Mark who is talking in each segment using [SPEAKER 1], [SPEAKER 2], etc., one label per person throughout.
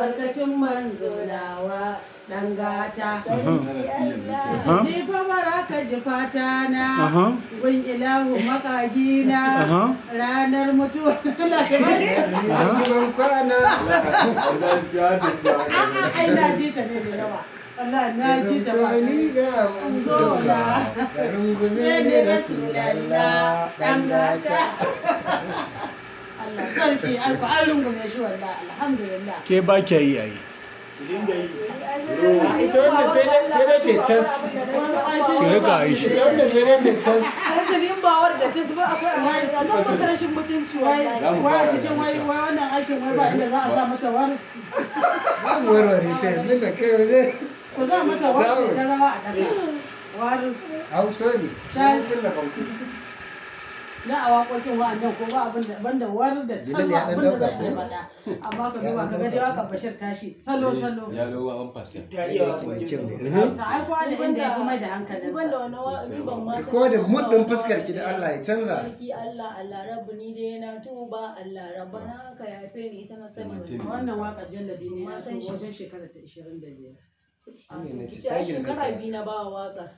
[SPEAKER 1] albarkacin manzo nawa dan gata ni fa baraka ji fata na gun ilahu makagi na ranar mutuwa kwana ai na ji ta ne da yawa Allah na ji ta ba ni ga manzo na
[SPEAKER 2] rungume ne rasulullah
[SPEAKER 1] dan gata Allah sarki alfa an rungume shi wanda alhamdulillah
[SPEAKER 2] ke ba kya yi ayi
[SPEAKER 1] ah, ita wanda sai ta ki yi shi ita wanda sai dai ta tas. wata da ba akwai mutunci cikin wai wannan aikin wai ba inda za a sa mata war
[SPEAKER 2] ta da kai waje
[SPEAKER 1] ku za mata war ta rawa a daga war hausa ne na a waƙoƙin wa'annan ko ba abin da banda warar da can ba abin da zai yi faɗa amma ka duba ka ga dai waƙar Bashir tashi salo eh, salo ya lo wa fasin ta iya waƙoƙin ta ai ko da inda ya kuma da hankalin sa ko da muddin fuskar ki da Allah ya canza sarki Allah Allah rabbu ni dai na tuba Allah rabbana ka yafe ni ita na sani wannan waƙar jallabi ne wajen shekara ta 25 shekara biyu na ba waƙar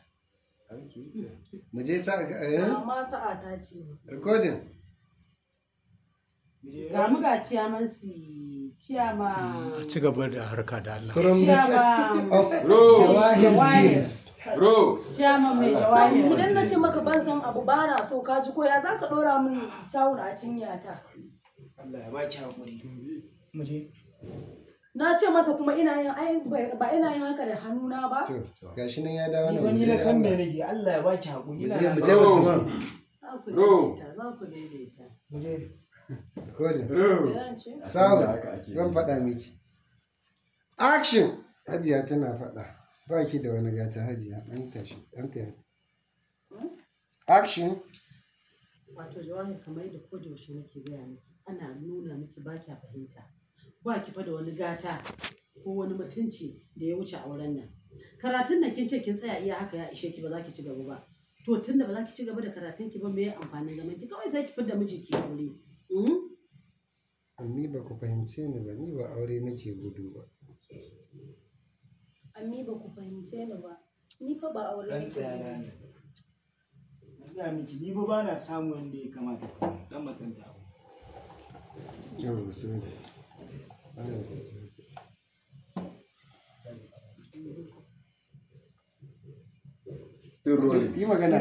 [SPEAKER 2] mu je sa'a eh? amma
[SPEAKER 1] sa'a ta ce recording ga mu ga ciyaman si ciyama mm,
[SPEAKER 2] a ci gaba da harka da Allah from the set
[SPEAKER 1] bro ciyama mai jawahir idan na ce maka ban san abu ba na so ka ji koya zaka dora min sauna a cinyata Allah ya hakuri mu je na ce masa kuma ina yin ai ba ina yin haka da hannuna ba to
[SPEAKER 2] gashi nan ya dawo nan ni na san me nake
[SPEAKER 1] Allah ya baki hakuri ina mu je Usman ro za ku daidaita
[SPEAKER 2] ro sabu zan faɗa miki action hajiya tana faɗa ba ki da wani gata hajiya an tashi an tashi
[SPEAKER 1] hmm? action wato jawani kamar da kodayaushe nake gaya miki ana nuna miki baki fahimta ba ki fa da wani gata ko wani mutunci da ya wuce auren nan karatun nan kin ce kin tsaya iya haka ya ishe ki ba za ki ci gaba ba to tunda ba za ki ci gaba da karatun ki ba me amfanin zaman ki kawai sai ki fidda miji ki aure
[SPEAKER 2] Ammi ba ku fahimce ni ba ni ba aure nake gudu ba
[SPEAKER 1] Ammi ba ku fahimce ni ba ni fa ba aure nake gudu ne ina miki ni ba na samu wanda ya kamata dan matsanta Yau,
[SPEAKER 2] bismillah. Still rolling. Yi magana.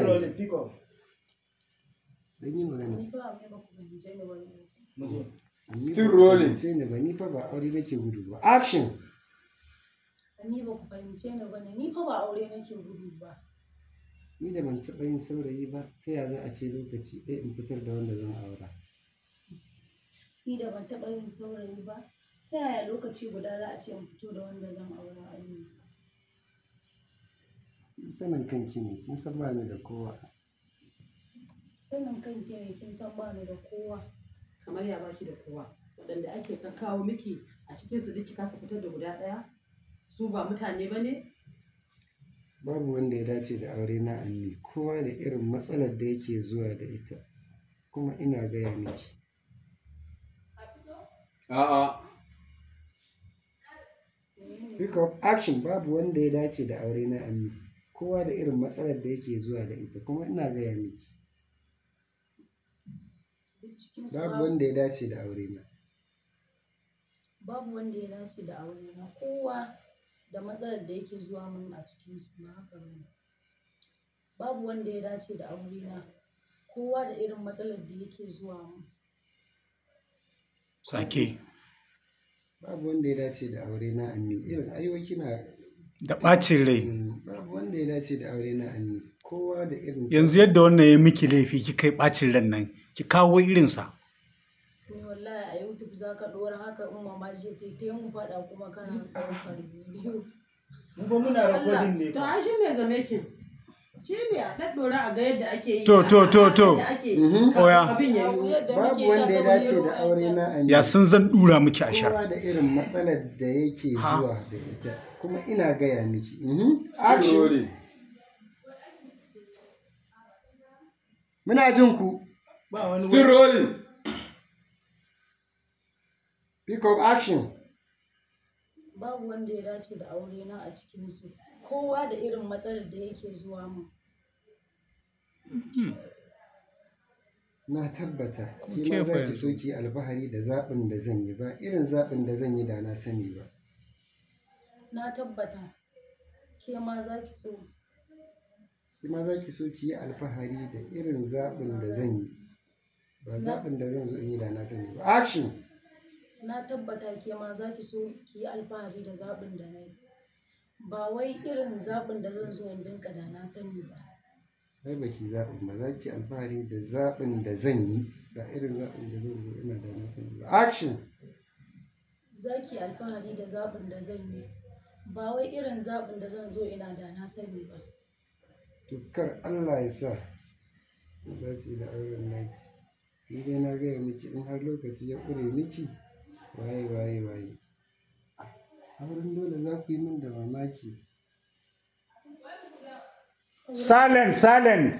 [SPEAKER 2] Still rolling. ba rolling. ni aure nake gudu ba. Action.
[SPEAKER 1] ba aure nake gudu ba.
[SPEAKER 2] Ni da ban taɓa yin saurayi ba ta ya za a ce lokaci ɗaya in fitar da wanda
[SPEAKER 1] zan aura. Ni da ban taɓa yin saurayi ba ta yaya lokaci guda za a ce in fito da wanda zan aura a yi.
[SPEAKER 2] sanin kanki ne kin san ba ni da kowa
[SPEAKER 1] sanin kanki ne kin san ba ni da kowa kamar ya baki da kowa waɗanda ake kawo miki a cikin su duk kasa fitar da guda ɗaya su ba mutane ba ne
[SPEAKER 2] babu wanda ya dace da aure na anni kowa da irin matsalar da yake zuwa da ita kuma ina gaya miki a'a pick up action babu wanda ya dace da aure na ammi kowa da irin matsalar da yake zuwa da ita kuma ina gaya miki babu wanda ya dace da aure na
[SPEAKER 1] babu wanda ya dace da aure na kowa da matsalar da yake zuwa min a cikin su na haka ne babu wanda ya dace da aure na kowa da irin matsalar da yake zuwa mun
[SPEAKER 2] sake babu wanda ya dace da aure na anni irin aiwa kina da bacin rai mm, babu wanda ya dace da aure na anni kowa da irin yanzu yadda wannan ya miki laifi ki kai bacin ran nan ki kawo irin irinsa
[SPEAKER 1] wallahi a youtube za ka ɗora haka in mama ce ta yi mu fada kuma kana ɗaukar bidiyo mu ba muna recording ne ta ashe me zame ki to to to to mhm. oya babu wanda ya dace da aure na amina ya sun zan dura miki a shara da
[SPEAKER 2] irin matsalar da yake zuwa da ita kuma ina gaya miki mhm. action muna jin ku ba wani still rolling pick up action
[SPEAKER 1] babu wanda ya dace da aure na a cikin su kowa da irin matsalar da yake zuwa mu
[SPEAKER 2] hmm. na tabbata ki ma za ki so ki alfahari da zaɓin da zan yi ba irin zaɓin da zan yi da na sani ba
[SPEAKER 1] na tabbata ke ma za ki so
[SPEAKER 2] ki ma za ki so ki yi alfahari da irin zaɓin da zan yi ba zaɓin da zan zo in yi da na sani ba action
[SPEAKER 1] na tabbata ke ma za ki so ki yi alfahari da zaɓin da na yi ba wai irin zaɓin da zan so in dinka da na sani ba
[SPEAKER 2] ai ba ki zaɓin ba za ki alfahari da zaɓin da zan yi ba irin zaɓin da zan zo ina da na sani ba action
[SPEAKER 1] za ki alfahari da zaɓin da zan yi ba wai irin zaɓin da zan zo ina da na sani ba
[SPEAKER 2] tukar allah ya sa za ci da auren naki ni dai na gaya miki in har lokaci ya ƙure miki waye waye waye Auren dole za ku yi min da mamaki. Silent, silent.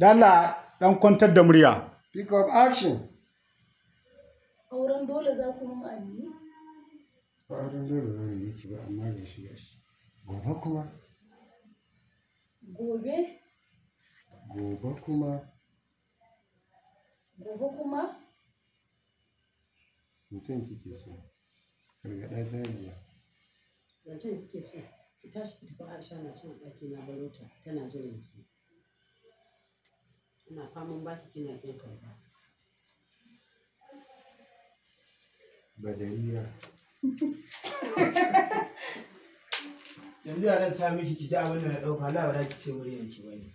[SPEAKER 2] Dala ɗan kwantar da murya. Pick up action.
[SPEAKER 1] Auren dole za ku min a
[SPEAKER 2] Auren dole za ku yi miki ba amma ga shi ga shi. Gobe kuma. Gobe? Gobe kuma. Gobe kuma? Mutum kike so. Gargaɗa ta jiya.
[SPEAKER 1] zancen kike so ki tashi ki tafi aisha na cin ɗaki na barota tana jiran ki ina faman baki kina kin karba
[SPEAKER 2] badariya
[SPEAKER 1] yanzu a nan sami ki ji abin da na ɗauka na za ki ce muryar ki bane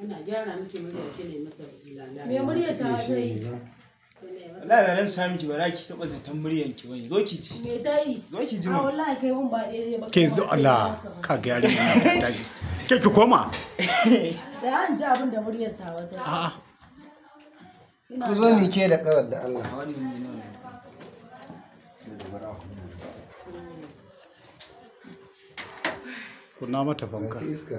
[SPEAKER 1] ana gyara miki muryar ki ne masa lalata me muryar ta zai Allah da ran sami ki bara ki taba zaton muryan ki bane zo ki ci me dai zo ki ji mu ah, wallahi kai mun ba dai ba ke zo Allah ka ga yare na ta ji ke ki koma sai an ji abin da muryar ta wata a a ku zo ni ke da
[SPEAKER 2] kawar da Allah kunna mata fanka iska